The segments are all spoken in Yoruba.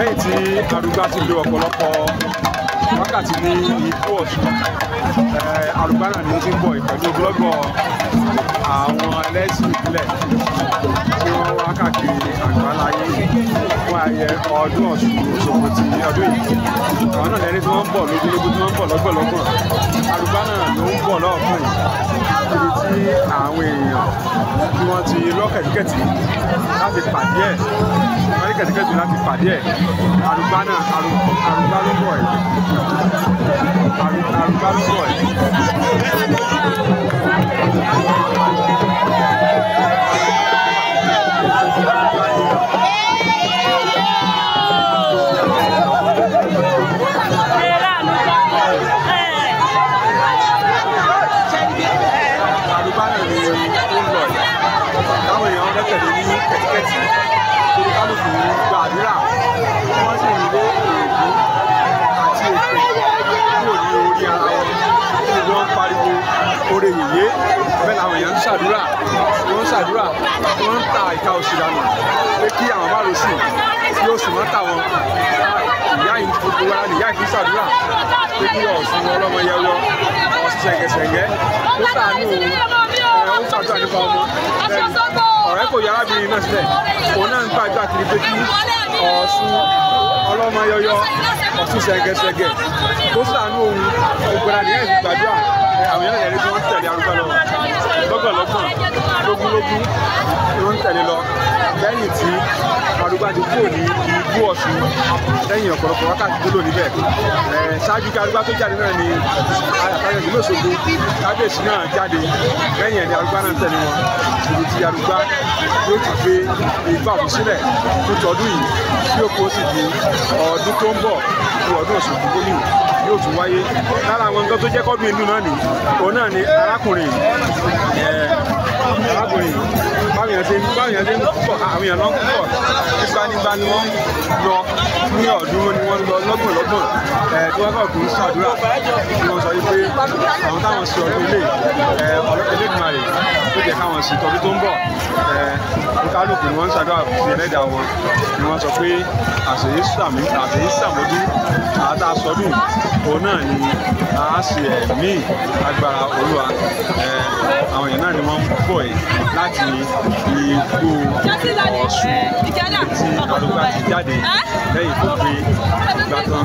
lẹ́yìn tí Arugba ti lo ọ̀pọ̀lọpọ̀ wákàtí ní ikú ọ̀ṣun Arugba eh, náà ni ó ti ń bọ̀ ìpẹ̀lú ogunlọ́gọ̀ àwọn ẹlẹ́sìn ìbílẹ̀ ọdún Ọ̀ṣun Òṣogbo ti ní ọdún yìí àwọn náà lẹni tí wọ́n ń bọ̀ lójúlógún tí wọ́n ń bọ̀ lọ́gbọ̀lọ́gbọ̀n arúgbá náà ló ń bọ̀ lọ́ọ̀kan yìí tí àwọn èèyàn tí wọ́n ti lọ́kẹ̀tíkẹ̀tì láti pàdé ẹ̀ wọ́n ní kẹ̀tíkẹ̀tì láti pàdé ẹ̀ arúgbá náà arúgbá ló bọ̀ ẹ̀ arúgbá ló bọ̀ ẹ̀. oore yèyé bẹ́ẹ̀ làwọn èèyàn ń ṣàdúrà wọ́n ń ṣàdúrà wọ́n ń ta ìka oṣù dànù pé kí àwọn má lọ sí kí oṣù má tà wọn ìyá yìí gbogbo wa nìyá yìí ṣàdúrà pé kí Ọ̀ṣun ọlọ́mọ yẹ wọ Ọ̀ṣun ṣẹ̀ǹgẹ̀ṣẹ̀ǹgẹ̀ ó ṣàánú ẹ̀rọ ń ṣàdúrà nípa ọmọ ọ̀rẹ́ kò yára bí iná sílẹ̀ òun náà ń gbàgbà kiri pé kí Ọ̀ṣun ọlọ́mọ yọyọ Ọ̀ṣun ṣẹ̀ǹgẹ̀ṣẹ̀ǹgẹ̀ ó ṣàánú òun ògbóná nìyá yìí gbàdúrà àwọn yẹn lẹ́yìn tó ń tẹ̀lé arúgbó lọ lọ́gbọ̀n lọ́gbọ̀n lógún lógún ló ń tẹ̀lé lọ lẹ́yìn tí arúgbó ti kúrò ní igbó ọ̀ṣun lẹ́yìn ọ̀pọ̀lọpọ̀ wákàtí tó lò níbẹ̀ ṣáájú kí arúgbó tó jáde náà ni àyàkáyọ̀ ìlú Òṣogbo kábíyèsí náà jáde lẹ́yìn ẹ̀dẹ̀ arúgbó náà tẹ̀lé wọn ibi tí arúgbó yóò ti gbé igbá ọ̀hún sílẹ̀ fún tọdún yìí tí ó kó sì di ọdún tó ń bọ̀ fún ọdún Òṣogbo gómìnà yóò tún wáyé lára àwọn nǹkan tó jẹ́ kọ́dún inú náà nìyí òun náà ni arákùnrin arákùnrin báwọn èèyàn ṣe ń báwọn èèyàn ṣe ń pọ̀ àwọn èèyàn lọ́n pọ̀ nígbànígbà ni wọ́n lọ ní ọ̀ọ́dúnrún ni wọ́n lọ lọ́gbọ̀n lọ́gbọ̀n ẹ̀ tí wọ́n kàn kún ṣàdúrà ni wọ́n sọ wípé àwọn táwọn ṣe ọdún ilé ẹ̀ Elédùmarè tó jẹ́ káwọn ṣe tọdún tó ń bọ̀ ẹ̀ kálukú ni wọ́n ń ṣàdúrà fún ẹlẹ́dàá wọn ni wọ́n sọ pé àṣeyí a ṣe ẹ̀mí agbára Olúwa àwọn èèyàn náà ni wọ́n ń bọ̀ yìí láti fi igbó ọ̀ṣun tí balógun jáde lẹ́yìn tó fi gbà tán. Hãy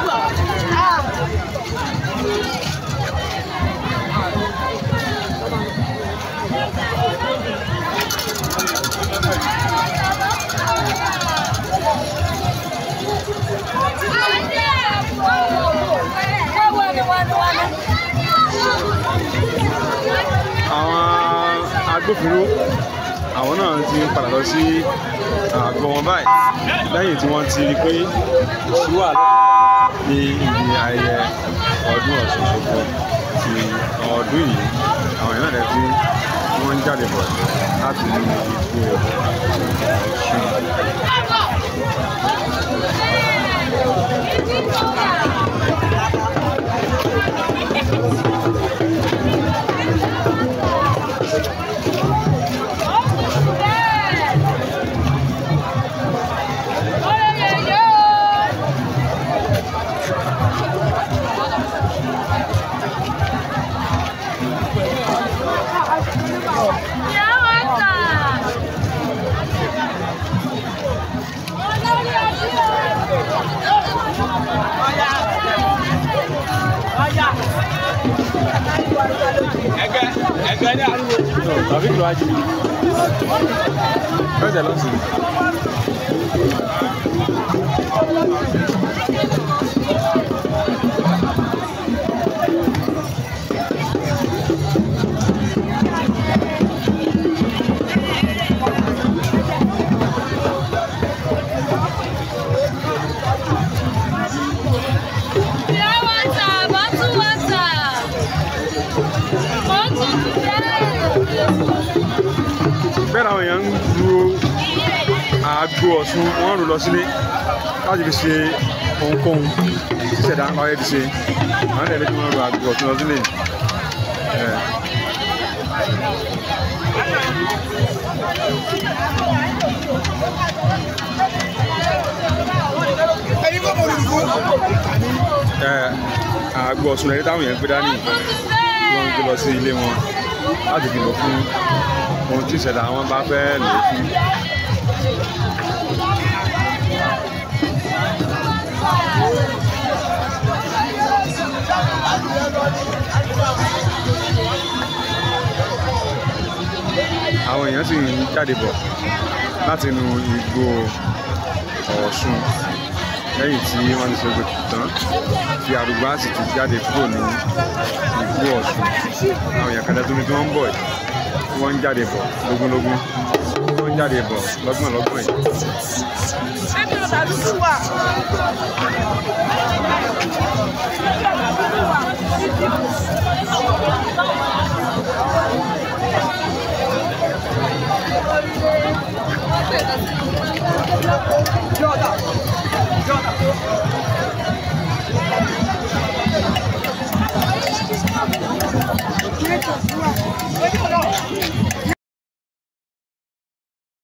subscribe agbófinró àwọn náà ti padà lọ sí àgọ́ wọn báyìí lẹ́yìn tí wọ́n ti rí pé sí wàhálà ní ibi ayẹyẹ ọdún Ọ̀ṣun Òṣogbo ti ọdún yìí àwọn èèyàn rẹ̀ tí wọ́n ń jáde bọ̀ láti ní ìlú Ọ̀ṣun. David Loaji. Where's Alonso? àgbo Ọ̀ṣun wọ́n rò lọ sílé láti fi ṣe ohunkóhun ṣíṣẹ̀dá ńlá ọ̀yẹ́ ti ṣe àwọn ẹ̀rẹ́ tí wọ́n rò àgbo Ọ̀ṣun lọ sílé. àgbo Ọ̀ṣun ẹ̀rí táwọn yẹn ń gbé dání wọ́n ń gbé lọ sí ilé wọn láti fi lò fún ohun tí ìṣẹ̀dá wọn bá fẹ́ lò fún. àwọn èèyàn sì ń jáde bọ̀ láti inú igbó Ọ̀ṣun lẹ́yìn tí wọ́n ti ṣògbè tán fi àrùgbá sì ti jáde kúrò ní igbó Ọ̀ṣun àwọn èèyàn kan tuntun tí wọ́n ń bọ̀ tí wọ́n ń jáde bọ̀ lógúnlógún tí wọ́n ń jáde bọ̀ lọ́gbọ̀nlọ́gbọ̀n yìí. Jota! Jota!